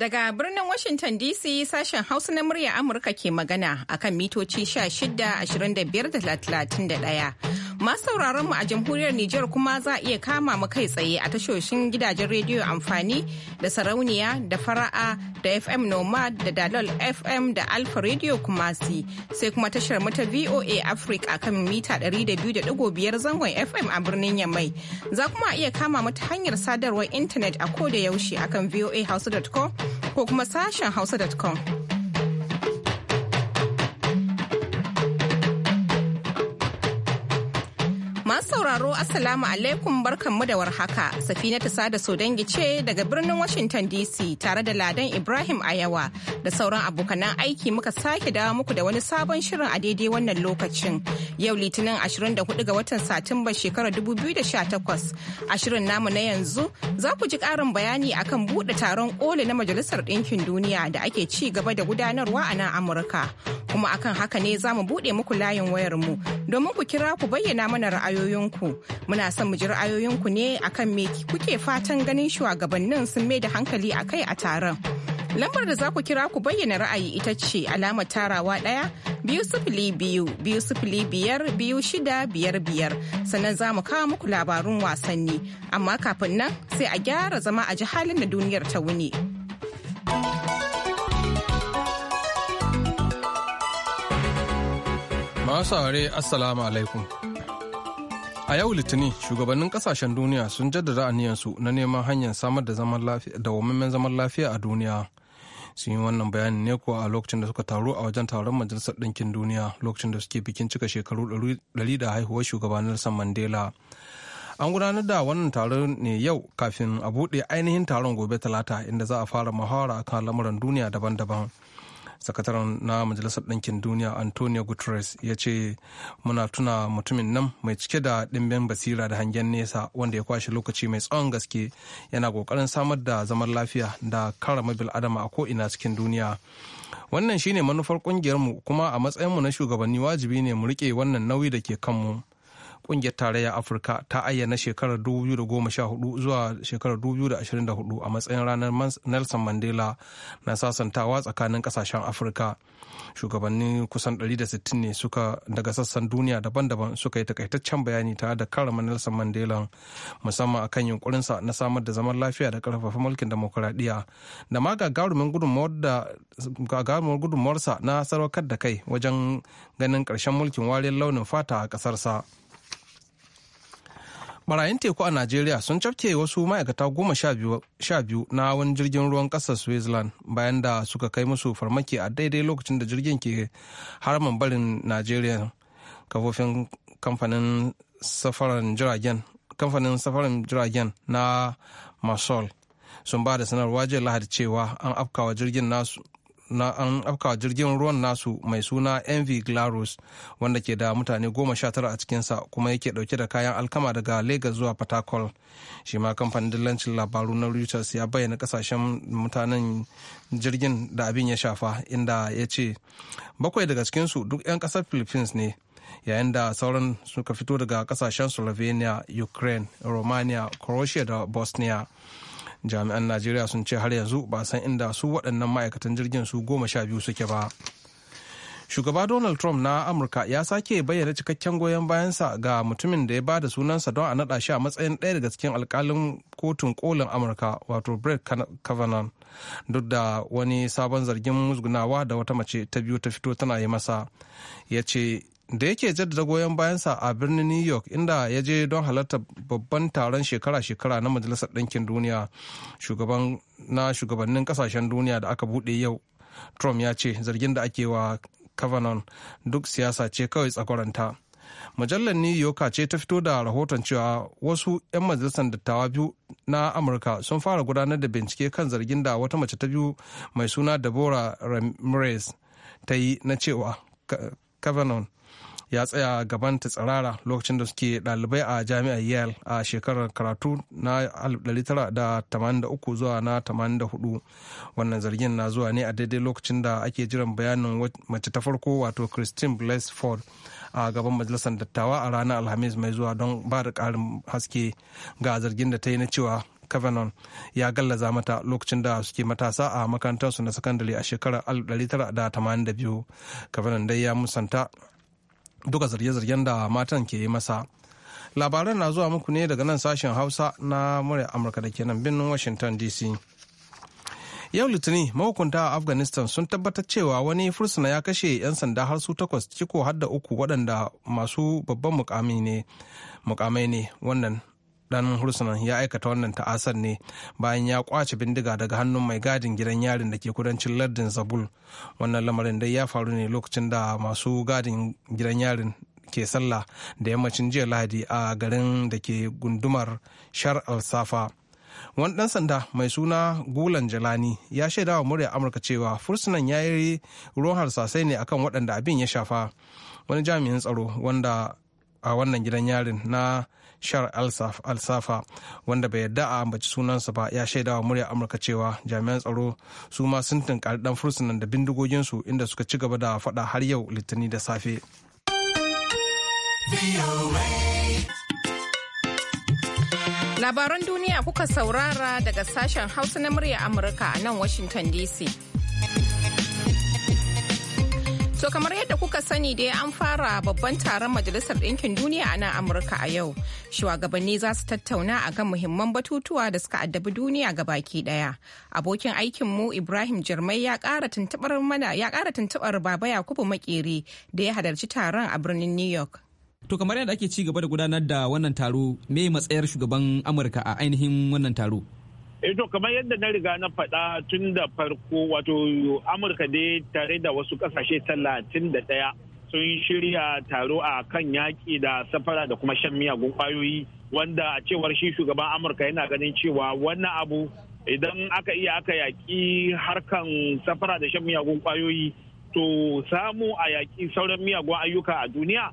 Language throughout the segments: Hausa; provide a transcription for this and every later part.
Daga birnin Washington DC sashen Hausa na murya Amurka ke magana akan mitoci 16, 25 da 31. Masu sauraron mu a jamhuriyar Nijar kuma za a iya kama mu kai tsaye a tashoshin gidajen rediyo amfani da sarauniya da fara'a da FM Nomad da Dalol FM da Alfa Radio Kumasi sai kuma tashar mata VOA Africa kan mita 200.5 zangon FM a birnin Yamai. Za kuma iya kama mu ta hanyar sadarwar intanet a ko da yaushe akan voahausa.com ko kuma sashen hausa.com. Masu sauraro Assalamu alaikum barkanmu da warhaka. Safina ta Sada Sodangi ce daga birnin Washington DC tare da Ladan Ibrahim Ayawa da sauran abokanan aiki muka sake dawo muku da wani sabon shirin a daidai wannan lokacin. Yau Litinin 24 ga watan Satumba shekarar 2018. A shirin namu na yanzu za ku ji ƙarin bayani akan buɗe taron ƙoli na Majalisar Ɗinkin Duniya da ake ci gaba da gudanarwa a nan Amurka. Kuma akan haka ne za mu buɗe muku layin wayarmu domin ku kira ku bayyana mana ra'ayoyi ra'ayoyinku. Muna son mu ji ra'ayoyinku ne akan me kuke fatan ganin shugabannin sun mai da hankali a kai a taron. Lambar da za ku kira ku bayyana ra'ayi ita ce alamar tarawa ɗaya biyu sifili biyu biyu sifili biyar biyu shida biyar biyar sannan za mu kawo muku labarun wasanni amma kafin nan sai a gyara zama a ji halin da duniyar ta wuni. Masu saurare Assalamu alaikum. A yau Litinin, shugabannin kasashen duniya sun jaddada aniyarsu na neman hanyar samar da dawwammamen zaman lafiya a duniya. Sun yi wannan bayanin ne kuwa a lokacin da suka taru a wajen taron Majalisar Ɗinkin Duniya lokacin da suke bikin cika shekaru ɗari da haihuwar shugaban Nelson Mandela. An gudanar da wannan taron ne yau kafin a buɗe ainihin taron gobe Talata inda za a fara muhawara akan lamuran duniya daban-daban. sakataren na majalisar ɗinkin duniya antonio guterres ya ce muna tuna mutumin nan mai cike da ɗimbin basira da hangen nesa wanda ya kwashe lokaci mai tsawon gaske yana kokarin samar da zaman lafiya da karama bil'adama a ko'ina cikin duniya wannan shine manufar ƙungiyarmu kuma a matsayinmu na shugabanni wajibi ne mu rike wannan nauyi da ke kanmu kungiyar tarayya afirka ta ayyana shekarar 2014 zuwa shekarar 2024 a matsayin ranar nelson mandela na sasantawa tsakanin kasashen afirka shugabannin kusan 160 ne suka daga sassan duniya daban-daban suka yi takaitaccen bayani tare da karama nelson mandela musamman akan yunkurinsa na samar da zaman lafiya da karfafa mulkin demokuraɗiyya da ma gagarumin gudunmuwarsa na sadaukar da kai wajen ganin ƙarshen mulkin wariyar launin fata a ƙasarsa. Barayin teku a Najeriya sun cafke wasu ma'aikata goma sha biyu na wani jirgin ruwan ƙasar Switzerland bayan da suka kai musu farmaki a daidai lokacin da jirgin ke harman barin Najeriya. Kafofin kamfanin safaran jiragen kamfanin safaran jiragen na Masol sun ba da sanarwa jiya Lahadi cewa an afkawa jirgin nasu na an afkawa jirgin ruwan nasu mai suna mv glarus wanda ke da mutane goma sha tara a cikinsa kuma yake dauke da kayan alkama daga lagos zuwa patakol shi ma kamfanin dillancin labaru na reuters ya bayyana kasashen mutanen jirgin da abin ya shafa inda ya ce bakwai daga cikinsu duk 'yan kasar philippines ne yayin da sauran suka fito daga kasashen slovenia ukraine romania croatia da bosnia jami'an najeriya sun ce har yanzu ba san inda su waɗannan ma'aikatan jirgin su goma sha biyu suke ba shugaba donald trump na amurka ya sake bayyana cikakken goyon bayansa ga mutumin da ya ba da sunansa don a naɗa shi a matsayin ɗaya daga cikin alkalin kotun kolin amurka wato brett kavanaugh duk da wani sabon zargin musgunawa da wata mace ta biyu ta fito tana yi masa ya ce da yake jaddada goyon bayansa a birnin new york inda ya je don halartar babban taron shekara-shekara na majalisar ɗinkin duniya na shugabannin kasashen duniya da aka buɗe yau trump ya ce zargin da ake wa kavanon duk siyasa ce kawai tsakwaranta mujallar new yorker ce ta fito da rahoton cewa wasu 'yan majalisar dattawa biyu na amurka sun fara gudanar da bincike kan zargin da wata mace ta biyu mai suna deborah ramirez ta yi na cewa kavanon ya tsaya gaban ta tsirara lokacin da suke ɗalibai a jami'ar yale a shekarar karatu na 1983 zuwa na 84 wannan zargin na zuwa ne a daidai lokacin da ake jiran bayanin mace ta farko wato christine blaise ford a gaban majalisar dattawa a ranar alhamis mai zuwa don ba da ƙarin haske ga zargin da ta yi na cewa kavanon ya gallaza mata lokacin da suke matasa a makarantarsu na sakandare a shekarar 1982. kavanon dai ya musanta duka zarge-zargen da matan ke yi masa labaran na zuwa muku ne daga nan sashen hausa na murya amurka da ke nan birnin washington dc yau litinin mahukunta a afghanistan sun tabbatar cewa wani fursuna ya kashe 'yan sanda har su takwas ciko har uku waɗanda masu babban mukamai ne wannan dan hursunan ya aikata wannan ta'asar ne bayan ya kwace bindiga daga hannun mai gadin gidan yarin da ke kudancin lardin zabul wannan lamarin dai ya faru ne lokacin da masu gadin gidan yarin ke sallah da yammacin jiya lahadi a garin da ke gundumar shar al-safa wani dan sanda mai suna gulan jalani ya shaida wa murya amurka cewa fursunan ya yi ruwan harsasai ne akan waɗanda abin ya shafa wani jami'in tsaro wanda a wannan gidan yarin na shar al-safa wanda bai yarda a ambaci sunansa ba ya shaida wa murya amurka cewa jami'an tsaro su ma sun tunkari dan fursunan da bindigogin bindigoginsu inda suka ci gaba da faɗa har yau litini da safe labaran duniya kuka saurara daga sashen hausa na murya amurka a nan washington dc To kamar yadda kuka sani dai an fara babban taron Majalisar Ɗinkin Duniya a nan Amurka a yau. Shugabanni za su tattauna a kan muhimman batutuwa da suka addabi duniya ga baki ɗaya. Abokin aikinmu Ibrahim Jirmai ya ƙara tuntuɓar ya ƙara tuntuɓar Baba Yakubu Makere da ya halarci taron a birnin New York. To kamar yadda ake ci gaba da gudanar da wannan taro me matsayar shugaban Amurka a ainihin wannan taro? Eh, to kamar yadda na riga na faɗa tun da farko wato amurka dai tare da wasu ƙasashe talatin da ɗaya sun shirya taro a kan yaƙi da safara da kuma shan miyagun ƙwayoyi wanda a cewar shi shugaban amurka yana ganin cewa wannan abu idan aka iya aka yaƙi harkan safara da shan miyagun ƙwayoyi to samu a yaƙi sauran miyagun ayyuka a duniya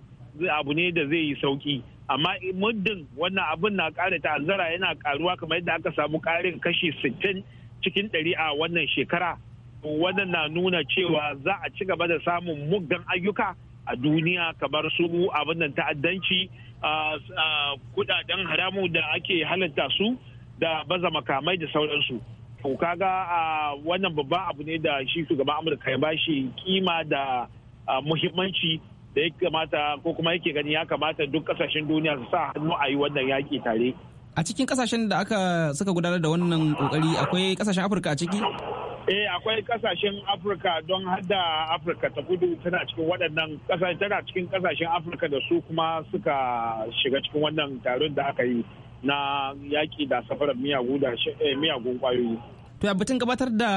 abu ne da zai yi sauƙi amma muddin wannan abin na kara ta'azzara yana karuwa kamar yadda aka samu ƙarin kashi 60 cikin ɗari a wannan shekara wannan na nuna cewa za a ci gaba da samun muggan ayyuka a duniya kamar su abin nan ta'addanci kudaden haramu da ake halatta su da baza makamai da sauransu to kaga wannan babban abu ne da shi shugaban amurka ya bashi kima da muhimmanci da ya kamata ko kuma yake gani ya kamata duk kasashen duniya su sa hannu a yi wannan yaƙi tare. A cikin kasashen da aka suka gudanar da wannan kokari akwai kasashen Afirka a ciki? Eh akwai kasashen Afirka don hada Afirka ta kudu tana cikin waɗannan kasashen tana cikin kasashen Afirka da su kuma suka shiga cikin wannan taron da aka yi na yaƙi da safarar eh, miyagun kwayoyi. To ya batun gabatar da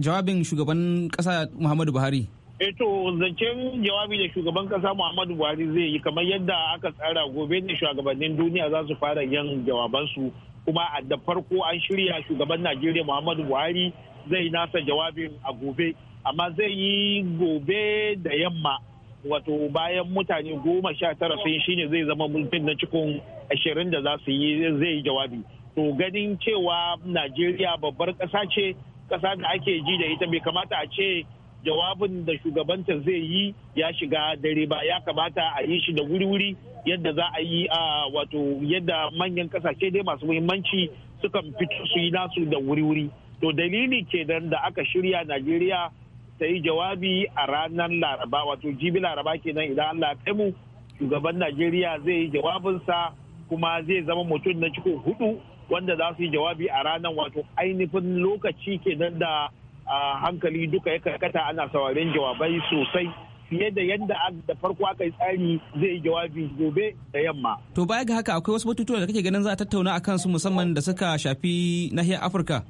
jawabin shugaban ƙasa Muhammadu Buhari. eto eh, zancen jawabi da shugaban kasa muhammadu buhari zai yi kamar yadda aka tsara gobe ne shugabannin duniya za su fara yin jawabansu kuma da farko an shirya shugaban najeriya muhammadu buhari zai nasa jawabin a gobe amma zai yi gobe da yamma wato bayan mutane goma sha tara sun shine zai zama mulkin na cikin ashirin da za su yi zai yi jawabi to ganin cewa najeriya babbar ƙasa ce ƙasa da ake ji da ita bai kamata a ce jawabin da shugabantar zai yi ya shiga dare ba ya kamata a yi shi da wuri-wuri yadda za a yi a wato yadda manyan kasashe dai masu muhimmanci sukan fito su yi nasu da wuri-wuri to dalili kenan da aka shirya najeriya ta yi jawabi a ranar laraba wato jibi laraba kenan idan allah kai mu shugaban najeriya zai yi jawabinsa kuma zai zama mutum na cikin hudu wanda za su yi jawabi a ranar wato ainihin lokaci kenan da a hankali duka ya karkata ana sauraren jawabai sosai fiye da yadda da farko aka yi tsari zai jawabi gobe da yamma. To baya ga haka akwai wasu batutuwa da kake ganin za a tattauna akan su musamman da suka shafi nahiyar Afirka.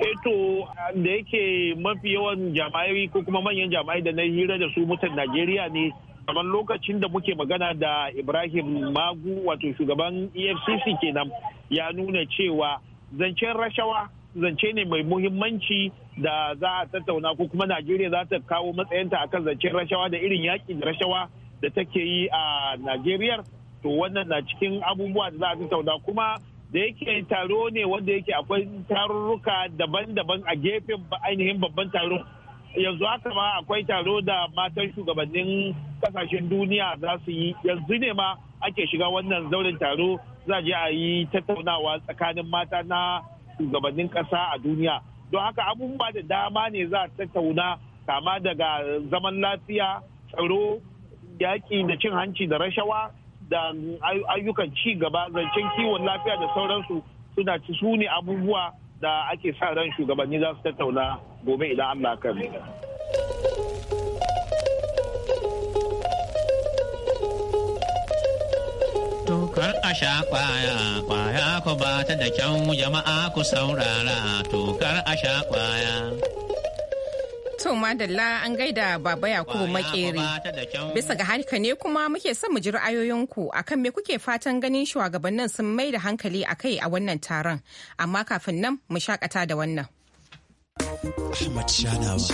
Eto eh da yake mafi yawan jami'ai ko kuma manyan jami'ai da na hira da su mutan Najeriya ne kamar lokacin da muke magana da Ibrahim Magu wato shugaban EFCC kenan ya nuna cewa zancen rashawa zance ne mai muhimmanci da za a tattauna ko kuma najeriya za ta kawo matsayinta akan zancen rashawa da irin yaƙi da rashawa da take yi a najeriya to wannan na cikin abubuwa da za a tattauna kuma da yake taro ne wanda yake akwai tarurruka daban-daban a gefen ainihin babban taro yanzu haka ma akwai taro da matan shugabannin kasashen duniya za su yi yanzu ne ma ake shiga wannan zauren taro za a je a yi tattaunawa tsakanin mata na shugabannin ƙasa a duniya don haka abubuwa da dama ne za a tattauna kama daga zaman lafiya tsaro yaƙi da cin hanci da rashawa da ayyukan ci gaba zancen kiwon lafiya da sauransu suna ci su ne abubuwa da ake sa ran shugabanni za su tattauna gobe idan allah kan kar a sha kwaya kwaya ku ba ta da kyau jama'a ku saurara to kar a sha kwaya To madalla an gaida baba Yakubu makere. Bisa ga harka ne kuma muke son mu ji ra'ayoyinku akan me kuke fatan ganin shugabannin sun mai da hankali akai a wannan taron. Amma kafin nan mu shakata da wannan. Ahmad Shanawa.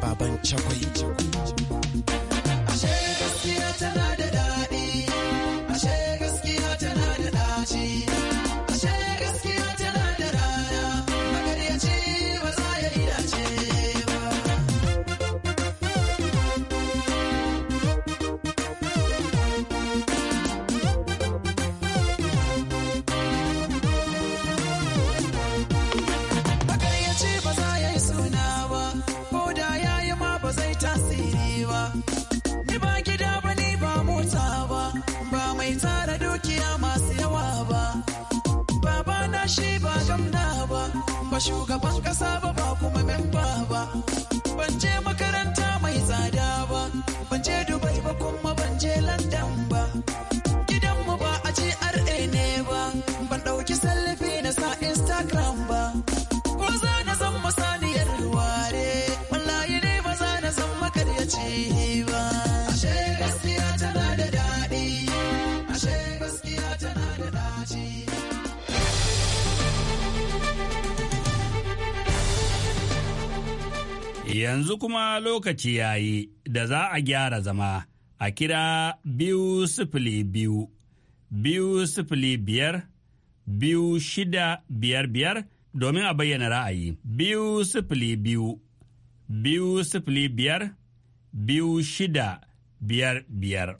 Baban Chakwai. Yanzu kuma lokaci ya yi da za a gyara zama a kira biyu sifili biyu, biyu sifili biyar, biyu shida biyar biyar domin a bayyana ra'ayi. Biyu sifili biyu, biyu sifili biyar, biyu shida biyar biyar.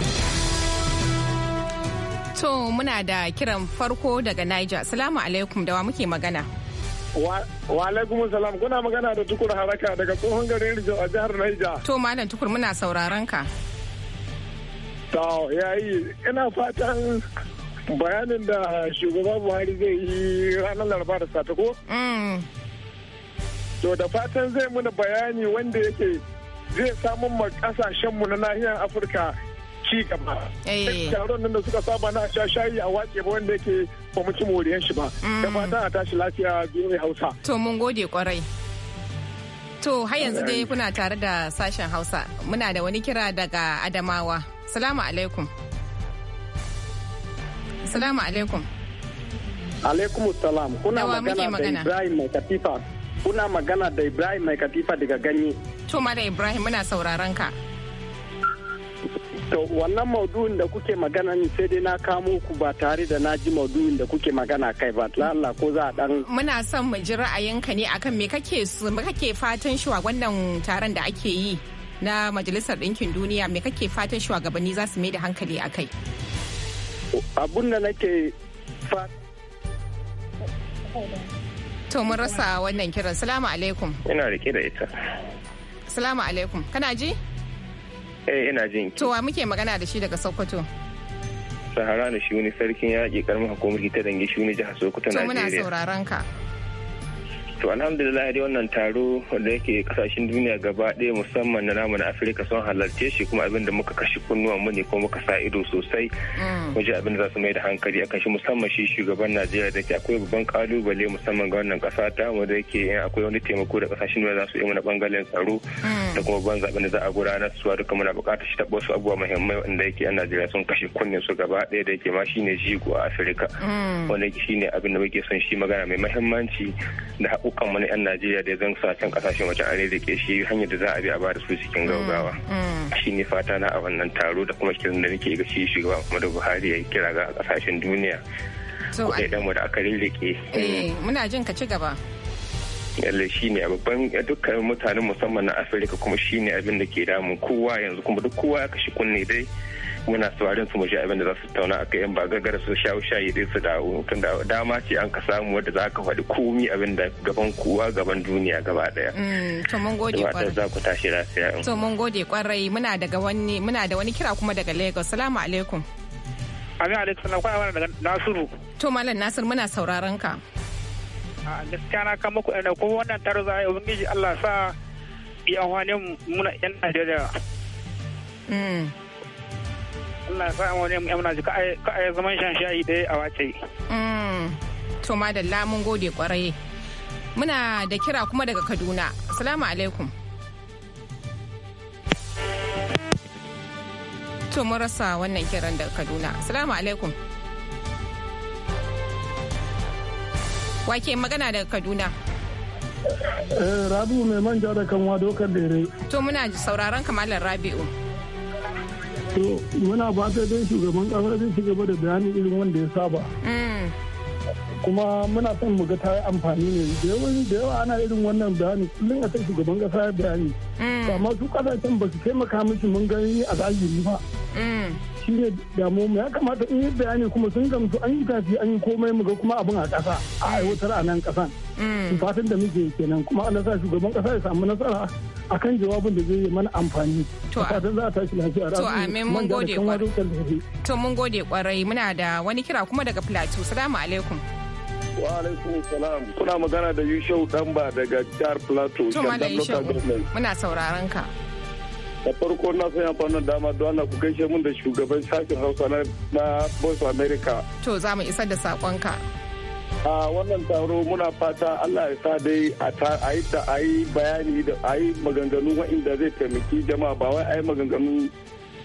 To muna da kiran farko daga Niger. Salamu alaikum da muke magana. Wa alaikum salam kuna magana da tukur haraka daga tsohon garin Rijo a jihar Naija. To malam tukur muna sauraron ka. To yayi ina fatan bayanin da shugaba Buhari zai yi ranar Laraba da Satako. Mm. To da fatan zai muna bayani wanda yake zai samun ma kasashenmu na nahiyar Afirka ci gaba. Eh, eh. Taron nan da suka saba na sha shayi a wace ba wanda yake ba mu ci moriyan shi ba. Mm. Da fatan a tashi lafiya biyu Hausa. To mun gode kwarai. To har yanzu dai kuna tare da sashen Hausa. Muna da wani kira daga Adamawa. Salamu alaikum. Salamu alaikum. Alaikum salam. Kuna magana da Ibrahim mai katifa. Kuna magana da Ibrahim mai katifa daga ganye. To da Ibrahim muna sauraron ka. To wannan maudu'in da kuke magana ni sai dai na kamo ku ba tare da na ji maudu'in da kuke magana kai ba. Allah ko za a dan Muna son mu ji ra'ayinka ne akan me kake me kake fatan shi wa wannan taron da ake yi na Majalisar Ɗinkin Duniya me kake fatan shugabanni za su mai da hankali a kai? Abun da nake To mun rasa wannan kiran. Salamu alaikum. Ina rike da ita. Salamu alaikum. Kana ji? Eh ina jin ki. To wa muke magana da shi daga Sokoto? Sahara da shi wani sarkin yaƙi karamin hukumar ta dangi shi wani jihar Sokoto Najeriya. To muna sauraron ka. to alhamdulillah da wannan taro da yake kasashen duniya gaba ɗaya musamman na namu na afirka sun halarce shi kuma abin da muka kashe kunnuwan mu ne kuma muka sa ido sosai wajen mm. abin da za su mai da hankali akan shi musamman shi shugaban najeriya da ke akwai babban kalubale musamman ga wannan kasa ta mu da yake akwai wani taimako da kasashen duniya za su yi mana bangaren tsaro mm. da kuma ban zaɓen da za a gudanar suwa duka muna buƙatar shi taɓa wasu abubuwa muhimmai wanda yake yan najeriya sun kashe kunnen su gaba ɗaya da yake ma shine jigo a afirka mm. wanda shine abin da muke son shi magana mai muhimmanci da hakukan wani 'yan Najeriya da zan sa can kasashe wajen an rike shi hanyar da za a bi a bada su cikin mm, gaugawa. Mm. Shi ne fata na a wannan taro da kuma kiran da nake ga shi shugaba da Buhari ya kira ga kasashen duniya. Kuɗaɗen mu da aka Eh, Muna jin ka ci gaba. yalle shi ne babban eh, dukkan mutanen musamman na afirka kuma shi ne abin da ke damun kowa yanzu kuma duk kowa ya kashi kunne dai muna sauraron su mu ji abin da za su tauna aka yan bagagara su sha shayi yi su dawo da dama ce an ka samu wadda za ka faɗi komi abin da gaban kowa gaban duniya gaba daya. Mm, to mun gode kwarai za ku tashi lafiya. to mun gode kwarai muna daga wani muna da wani kira kuma daga lagos salamu alaikum. Amin alaikum na kwana daga Nasiru. To Malam Nasir muna sauraron ka. gaskiya na kama ku da kuma wannan za a yi ubangiji Allah sa yi muna yan Najeriya. Mm. Allah sa ka a yi zaman shan shayi ɗaya a wace. Mm. To madalla mun gode kwarai. Muna da kira kuma daga Kaduna. Assalamu alaikum. To rasa wannan kiran daga Kaduna. Assalamu alaikum. Wake magana daga Kaduna. Eh, Rabi'u mai manja da kanwa dokar dare. To muna sauraron kamalar Rabi'u. To muna ba ta dai shugaban kasar zai ci gaba da bayanin irin wanda ya saba. Mm. Kuma muna son mu ga ta yi amfani ne da yawa da yawa ana irin wannan bayani kullum a san shugaban kasa ya bayani. Mm. Amma su kasashen ba su taimaka mishi mun gani a zahiri ba. Mm. shi ne damu ya kamata in yi bayani kuma sun gamsu an yi tafi an yi komai mu ga kuma abin a ƙasa a aiwatar a nan ƙasan mm. fatan da muke kenan kuma Allah sa shugaban ƙasa ya samu nasara akan jawabin da zai yi mana amfani to fatan za a tashi lafiya to amin mun gode kwarai to mun gode kwarai muna da wani kira kuma daga plateau salamu alaikum wa alaikum salam kuna magana da yushau damba daga jihar plateau to malam yushau muna sauraron ka da farko na son fannin dama don ana ku gaishe mun da shugaban sashen hausa na voice america to za mu isar da sakonka a wannan taro muna fata allah ya sa dai a yi ta a yi bayani da a yi maganganu wa'inda zai taimaki jama'a ba wai a yi maganganu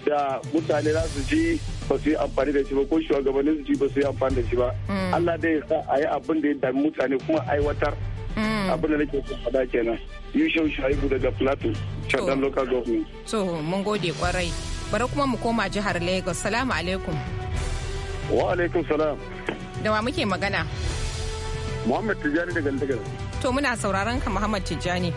da mutane za su ji ba su yi amfani da shi ba ko shugabannin su ji ba su yi amfani da shi ba mm. allah dai ya sa a yi abin da ya dami mutane kuma aiwatar mm. abin da nake faɗa kenan yushe shaibu daga plateau Chadan local government. To mun gode kwarai. Bari kuma mu koma jihar Lagos. Salamu alaikum. Wa alaikum salam. Da wa muke magana? Muhammad Tijjani daga Lagos. To muna sauraron ka Muhammad Tijjani.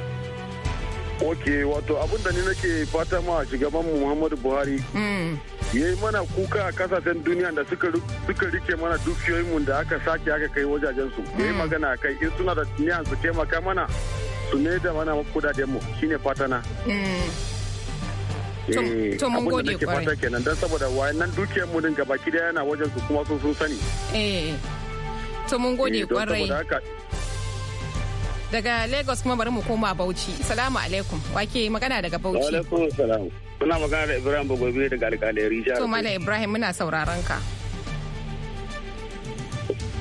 ok wato abin da ni nake fata ma shugaban muhammadu buhari hmm. ya yi mana kuka a kasashen duniya da suka rike mana dukiyoyinmu da aka sake aka kai wajajensu ya yi hmm. magana kai in suna da niyan su taimaka mana su ne da mana kudaden mu shine na. Eh. Eh, to mun gode kwarai fata kenan don saboda wayannan dukiyar mu din gabaki daya yana wajen su kuma sun sun sani eh. to mun gode kwarai daga lagos kuma bari mu koma bauchi salamu alaikum wake magana daga bauchi wa alaikum salam muna magana da ibrahim bagobi daga alkalai rija to mala ibrahim muna sauraron ka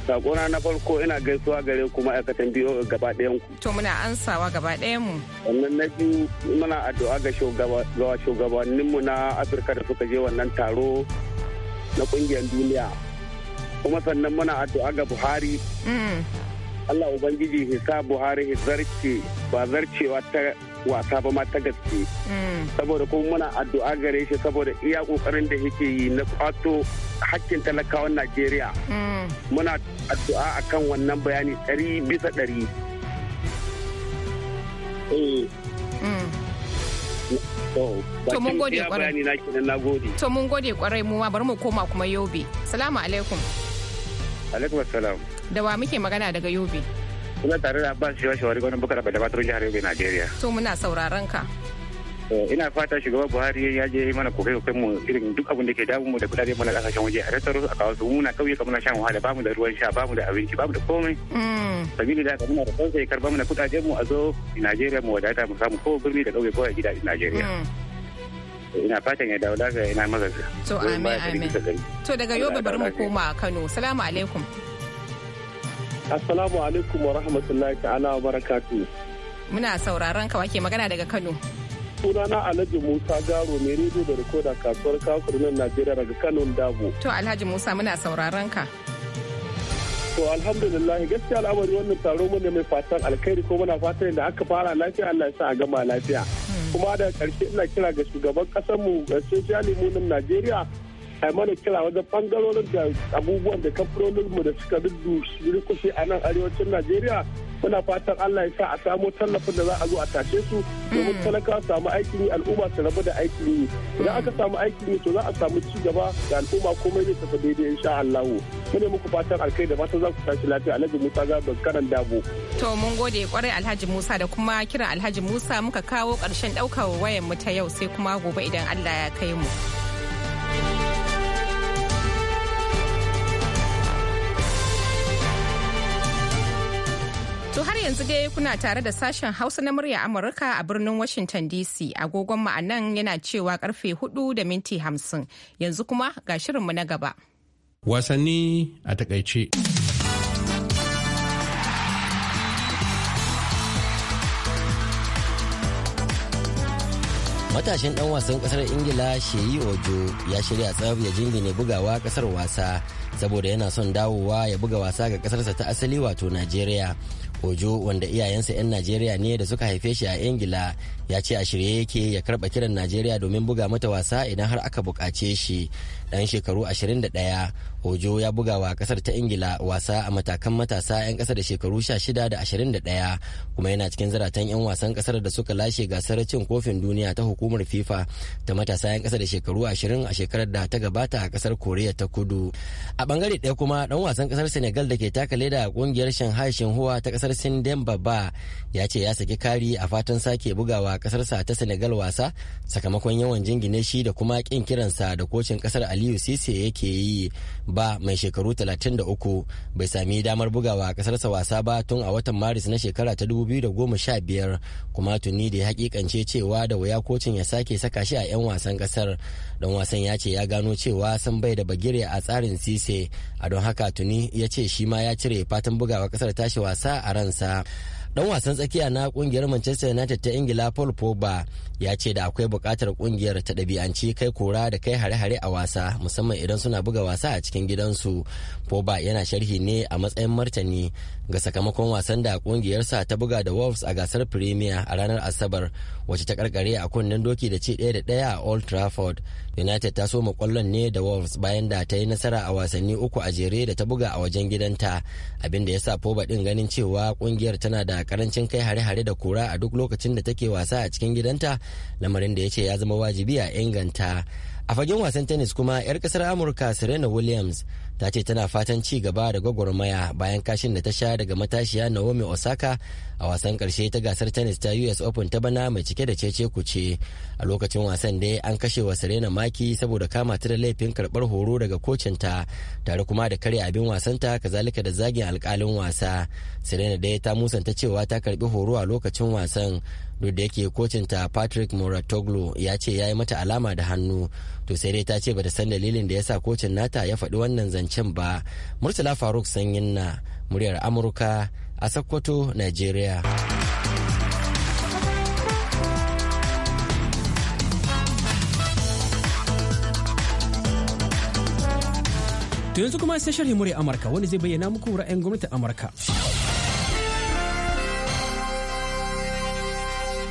sakona na farko ina gaisuwa gare ku ma'aikatan biyo gaba ɗayan ku. To muna ansawa gaba ɗayan mu. Wannan na biyu muna addu'a ga shugabannin mu na Afirka da suka je wannan taro na ƙungiyar duniya. Kuma sannan muna addu'a ga Buhari. Mm. Allah Ubangiji hisa Buhari zarce ba zarcewa ta wasa ba ma ta gaske mm. saboda kuma muna addu'a gare shi saboda iya kokarin da yake yi na kwato hakkin talakawan najeriya mm. muna addu'a akan wannan bayani ɗari bisa ɗari eh. mm. To mun gode kwarai. To mun gode kwarai mu ma bari mu koma kuma Yobe. Salamu alaikum. Alaikum assalam. Da wa muke magana daga Yobe? kuma tare da Abbas Shewa Shawari gwanin bukar da batun jihar Yobe Najeriya. To muna sauraron ka. Eh, ina fata shugaba buhari ya je mana kokai kokai mu irin duk abin da ke damu mu da kudade mana kasashen waje a tattaro a kawo su muna kauye kamar shan wahala Ba mu da ruwan sha ba mu da abinci mu da komai mm. sabili da muna da kansa ya karba mana kudaden mu a zo Najeriya mu wadata mu samu ko birni da kauye ko a Najeriya mm. eh, ina fatan ya dawo lafiya ina maza. to amin amin to daga yau bari mu koma Kano salamu alaikum Assalamu alaikum wa rahmatullahi ta'ala wa barakatu. Muna sauraron ka wake magana daga Kano. Sunana Alhaji Musa Garo mai rido da rikoda kasuwar nan Najeriya daga Kano Dabo. To Alhaji Musa muna sauraron ka. To alhamdulillah gaskiya al'amari wannan taro mun ne mai fatan alkhairi ko muna fatan da aka fara lafiya Allah ya sa a gama lafiya. Hmm. Kuma da karshe ina kira ga shugaban kasar mu Sosiyali Munin Najeriya a mana kira wajen bangarorin da abubuwan da mu da suka kushe a nan arewacin najeriya muna fatan allah ya sa a samo tallafin da za a zo a tashe su domin hmm. talakawa samu aikin yi al'umma su rabu da aikin yi idan aka hmm. samu aikin yi to za a samu ci gaba da al'umma komai zai tafi daidai insha allah mune muku fatan alkai da fatan za ku tashi lafiya alhaji musa ga kanan dabo to mun gode kwarai alhaji musa da kuma kiran alhaji musa muka kawo karshen daukar wayar mu ta yau sai kuma gobe idan allah ya kai mu. har yanzu dai kuna tare da sashen Hausa na murya Amurka a birnin Washington DC. Agogon mu nan yana cewa karfe 4 da minti 50. Yanzu kuma ga shirinmu na gaba. Wasanni a takaice. matashin dan wasan kasar ingila sheyi ojo ya shirya tsab ya jingine bugawa kasar wasa saboda yana son dawowa ya buga wasa ga kasarsa ta asali wato najeriya ojo wanda iyayensa 'yan najeriya ne da suka haife shi a ingila ya ce a shirye yake ya karba kiran najeriya domin buga mata wasa idan har aka bukace shi dan shekaru 21 ojo ya buga wa kasar ta ingila wasa a matakan matasa 'yan kasa da shekaru 16 da 21 kuma yana cikin zaratan 'yan wasan kasar da suka lashe gasar cin kofin duniya ta hukumar fifa ta matasa 'yan kasa da shekaru 20 a shekarar da ta gabata a kasar koriya ta kudu a bangare ɗaya kuma dan wasan kasar senegal da ke taka leda a kungiyar shanghai shinhua ta kasar sin babba ya ce ya saki kari a fatan sake bugawa kasarsa ta senegal wasa sakamakon yawan jingine shi da kuma kin kiransa da kocin kasar ali aliyu sise yake yi ba mai shekaru 33 bai sami damar bugawa a kasarsa wasa ba tun a watan maris na shekara ta 2015 kuma tuni da ya hakikance cewa da waya kocin ya sake saka shi a 'yan wasan kasar dan wasan ya ce ya gano cewa sun bai da bagire a tsarin sise a don haka tuni ya ce shi ma ya cire fatan bugawa kasar tashi wasa a ransa dan wasan tsakiya na kungiyar manchester united ta ingila paul pogba ya ce da akwai bukatar kungiyar ta ɗabi'anci kai kora da kai hare-hare a wasa musamman idan suna buga wasa a cikin gidansu pogba yana sharhi ne a matsayin martani ga sakamakon wasan da kungiyarsa ta buga da wolves a gasar premier a ranar asabar wacce ta karkare a kunnen doki da ce daya da ɗaya a old trafford united ta soma kwallon ne da wolves bayan da ta yi nasara a wasanni uku a jere da ta buga a wajen gidanta abinda ya sa poba din ganin cewa kungiyar tana da karancin kai hare-hare da kura a duk lokacin da take wasa a cikin gidanta lamarin da ya ce ya zama wajibi a inganta a fagen wasan tennis kuma 'yar kasar amurka serena williams ta ce tana fatan ci gaba da gwagwarmaya bayan kashin da ta sha daga matashiya naomi osaka a wasan karshe ta gasar tennis ta us open ta bana mai cike da cece kuce a lokacin wasan dai an kashe wa serena maki saboda kama ta da laifin karbar horo daga kocinta tare kuma da karya abin wasan wasanta kazalika da zagin alkalin wasa serena dai ta musanta cewa ta karbi horo a lokacin wasan duk da yake kocinta patrick moratoglu ya ce ya yi mata alama da hannu to sai dai ta ce bata san dalilin da yasa kocin nata ya faɗi wannan zancen ba murtala faruk sanyin na muryar amurka a sokoto nigeria To yanzu kuma sai sharhi murya Amurka wanda zai bayyana muku ra'ayin gwamnatin Amurka.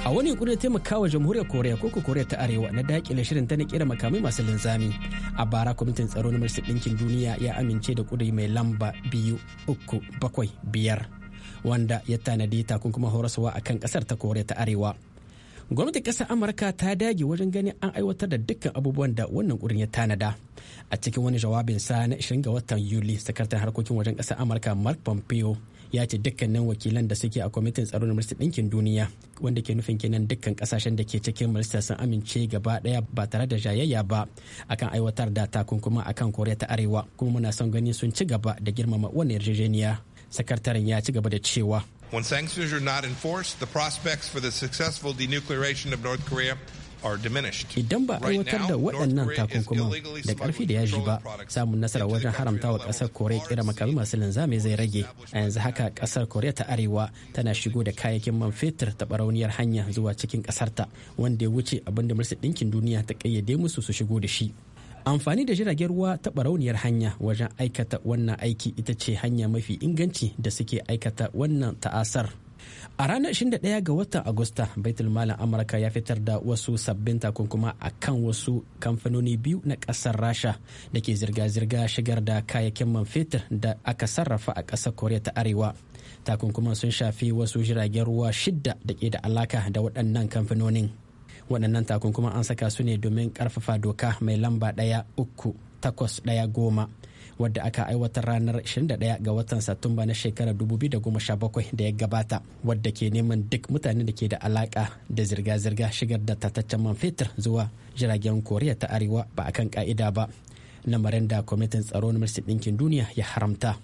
a wani kuri taimaka taimakawa jamhuriyar koriya koko koriya ta arewa na dakile shirin ta na kera makamai masu linzami a bara kwamitin tsaro na majalisar ɗinkin duniya ya amince da kudi mai lamba biyu uku bakwai biyar wanda ya tanadi takunkuma horaswa a kan ƙasar ta koriya ta arewa gwamnatin ƙasar amurka ta dage wajen ganin an aiwatar da dukkan abubuwan da wannan ƙurin ya tanada a cikin wani jawabinsa na 20 ga watan yuli sakataren harkokin wajen ƙasar amurka mark pompeo ya ce dukkanin wakilan da suke a kwamitin tsaro na majalisar ɗinkin duniya wanda ke nufin kenan dukkan kasashen da ke cikin majalisar sun amince gaba ɗaya ba tare da jayayya ba akan aiwatar da takunkuma akan koriya ta arewa kuma muna son gani sun ci gaba da girmama wannan yarjejeniya sakataren ya ci gaba da cewa When sanctions are not enforced, the prospects for the successful denuclearation of North Korea Idan ba a aiwatar da waɗannan takunkuman da ƙarfi da yaji ba, samun nasara wajen haramta wa ƙasar Koriya kira makami masu linzami zai rage. A yanzu haka ƙasar Koriya ta Arewa tana shigo da kayayyakin man fetur ta barauniyar hanya zuwa cikin ƙasarta, wanda ya wuce abin da Majalisar Ɗinkin Duniya ta ƙayyade musu su shigo da shi. amfani da jiragen ruwa ta barauniyar hanya wajen aikata wannan aiki ita ce hanya mafi inganci da suke aikata wannan ta'asar a ranar 21 ga watan agusta baitul malam amurka ya fitar da wasu sabbin takunkuma a kan wasu kamfanoni biyu na kasar rasha da ke zirga-zirga shigar da kayayyakin man fetur da aka sarrafa a kasar koriya ta arewa takunkuman sun shafi wasu jiragen ruwa shidda da ke da alaka da waɗannan kamfanonin waɗannan takunkuma an saka su ne domin karfafa doka mai lamba ɗaya uku takwas ɗaya goma wadda aka aiwatar ranar 21 ga watan Satumba na shekarar 2017 da ya gabata wadda ke neman duk mutane da ke da alaka da zirga-zirga shigar da tataccen man fetur zuwa jiragen Koriya ta Arewa ba akan ka'ida ba. Lamarin da kwamitin tsaro na Majalisar Ɗinkin Duniya ya haramta.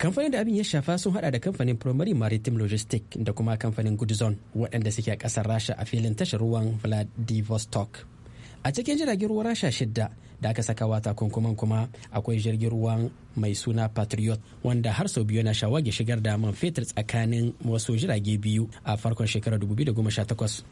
kamfanin da abin ya shafa sun hada da kamfanin primary maritime logistics da kuma kamfanin goodzone waɗanda suke a ƙasar rasha a filin tashar ruwan vladivostok a cikin jiragen ruwa rasha shidda da aka saka wata kunkuman kuma akwai jirgin ruwa mai suna patriot wanda har sau biyu na shawagi shigar da man fetur tsakanin wasu jirage biyu a farkon shekarar 2018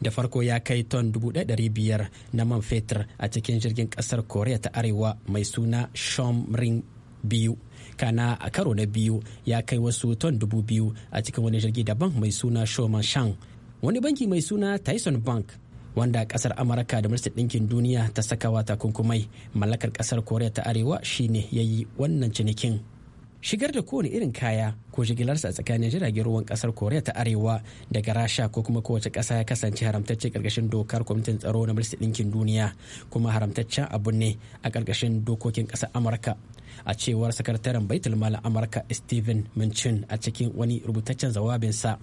da farko ya kai ton 1,500 na man fetur a cikin jirgin kasar korea ta arewa mai suna shomrin biyu kana a karo na biyu ya kai wasu ton dubu biyu a cikin wani jirgi daban mai suna shoman shang wani banki mai suna tyson bank wanda kasar amurka da ministan ɗinkin duniya ta sakawa takunkumai mallakar kasar koriya ta arewa shine ya yi wannan cinikin shigar da kowane irin kaya ko jigilarsa a tsakanin jiragen ruwan kasar koriya ta arewa daga rasha ko kuma kowace kasa ya kasance haramtacce karkashin dokar kwamitin tsaro na ministan ɗinkin duniya kuma haramtaccen abu ne a karkashin dokokin kasar amurka a cewar sakataren baitul amurka stephen mincin a cikin wani rubutaccen zawabinsa.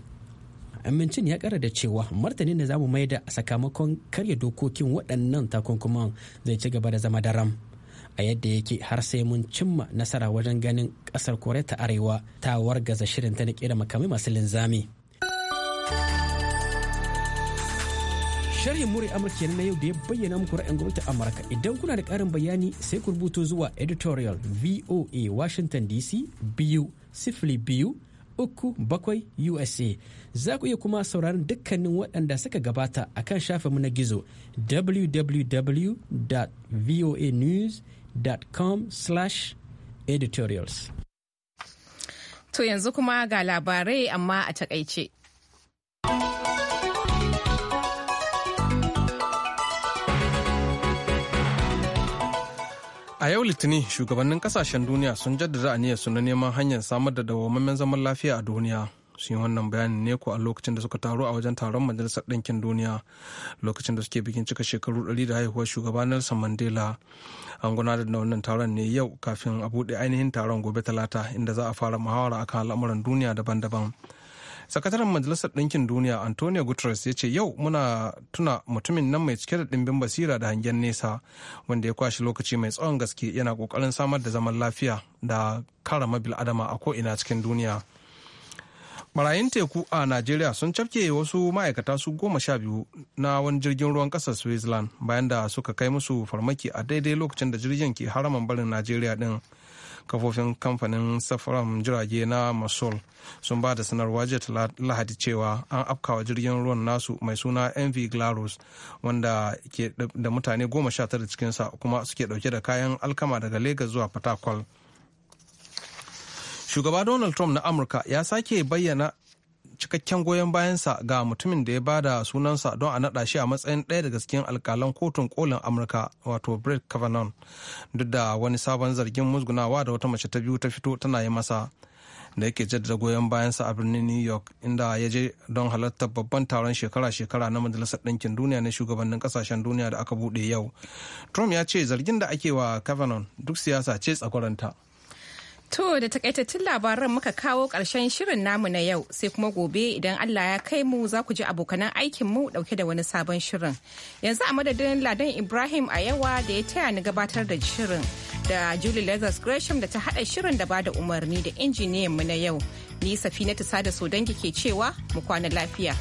amincin ya kara da cewa martanin da zamu maida a sakamakon karya dokokin waɗannan takunkuman zai ci gaba da zama daram a yadda yake har sai mun cimma nasara wajen ganin ƙasar koriya ta arewa ta wargaza shirin ta na kera makamai masu linzami sharhin muri amurka na yau da ya bayyana muku ra'ayin gwamnatin amurka idan kuna da ƙarin bayani sai ku rubuto zuwa editorial voa washington dc biyu sifili biyu uku bakwai USA. Za ku iya kuma sauraron dukkanin waɗanda suka gabata a kan shafinmu na gizo www.voanews.com editorials. To yanzu kuma ga labarai amma a takaice. A yau Litinin shugabannin kasashen duniya sun jaddada aniyar su na neman hanyar samar da dawamammen zaman lafiya a duniya. Sun yi wannan bayanin ne ku a lokacin da suka taru a wajen taron Majalisar Ɗinkin Duniya lokacin da suke bikin cika shekaru ɗari da haihuwar shugaba Nelson Mandela. An gudanar da wannan taron ne yau kafin a buɗe ainihin taron gobe Talata inda za a fara muhawara akan al'amuran duniya daban-daban. sakataren majalisar ɗinkin duniya antonio guterres ya ce yau muna tuna mutumin nan mai cike da ɗimbin basira da hangen nesa wanda ya kwashe lokaci mai tsawon gaske yana ƙoƙarin samar da zaman lafiya da karama mabil adama a ko'ina cikin duniya barayin teku a najeriya sun cafke wasu ma'aikata su goma sha biyu na wani jirgin ruwan ƙasar switzerland bayan da suka kai musu farmaki a daidai lokacin da jirgin ke haraman barin najeriya din kafofin kamfanin safaran jirage na masul sun ba da sanarwa jiya lahadi cewa an afkawa jirgin ruwan nasu mai suna mv glarus wanda ke da mutane goma sha tara cikinsa kuma suke dauke da kayan alkama daga lagos zuwa patakwal. shugaba donald trump na amurka ya sake bayyana cikakken goyon bayansa ga mutumin da ya ba da sunansa don a naɗa shi a matsayin ɗaya daga cikin alkalan kotun kolin amurka wato brett kavanaugh duk da wani sabon zargin musgunawa da wata mace ta biyu ta fito tana yi masa da yake jaddada goyon bayansa a birnin new york inda ya je don halartar babban taron shekara-shekara na majalisar ɗinkin duniya na shugabannin ƙasashen duniya da aka buɗe yau trump ya ce zargin da ake wa kavanaugh duk siyasa ce tsakwaranta To da takaitattun labaran muka kawo ƙarshen shirin namu na yau sai kuma gobe idan Allah ya kai mu za ku ji abokanan aikin mu dauke da wani sabon shirin. Yanzu a madadin Ladan Ibrahim a da ya taya ni gabatar da shirin da Julie Lazarus Gresham da ta haɗa shirin da ba da umarni da injiniyan mu na yau. Ni Safinatu Sada Sodangi ke cewa mu kwana lafiya.